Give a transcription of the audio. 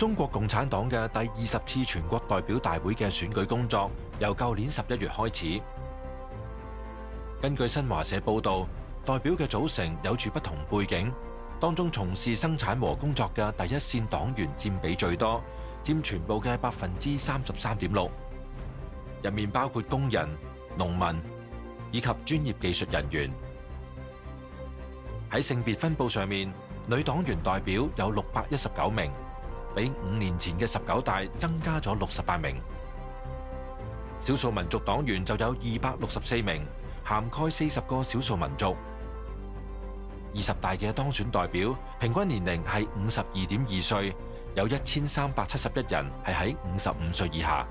中國共產黨嘅第二十次全國代表大會嘅選舉工作由舊年十一月開始。根據新華社報道，代表嘅組成有住不同背景，當中從事生產和工作嘅第一線黨員占比最多，占全部嘅百分之三十三點六。入面包括工人、農民以及專業技術人員。喺性別分佈上面，女黨員代表有六百一十九名。比五年前嘅十九大增加咗六十八名，少數民族黨員就有二百六十四名，涵蓋四十個少數民族。二十大嘅當選代表平均年齡係五十二點二歲，有一千三百七十一人係喺五十五歲以下。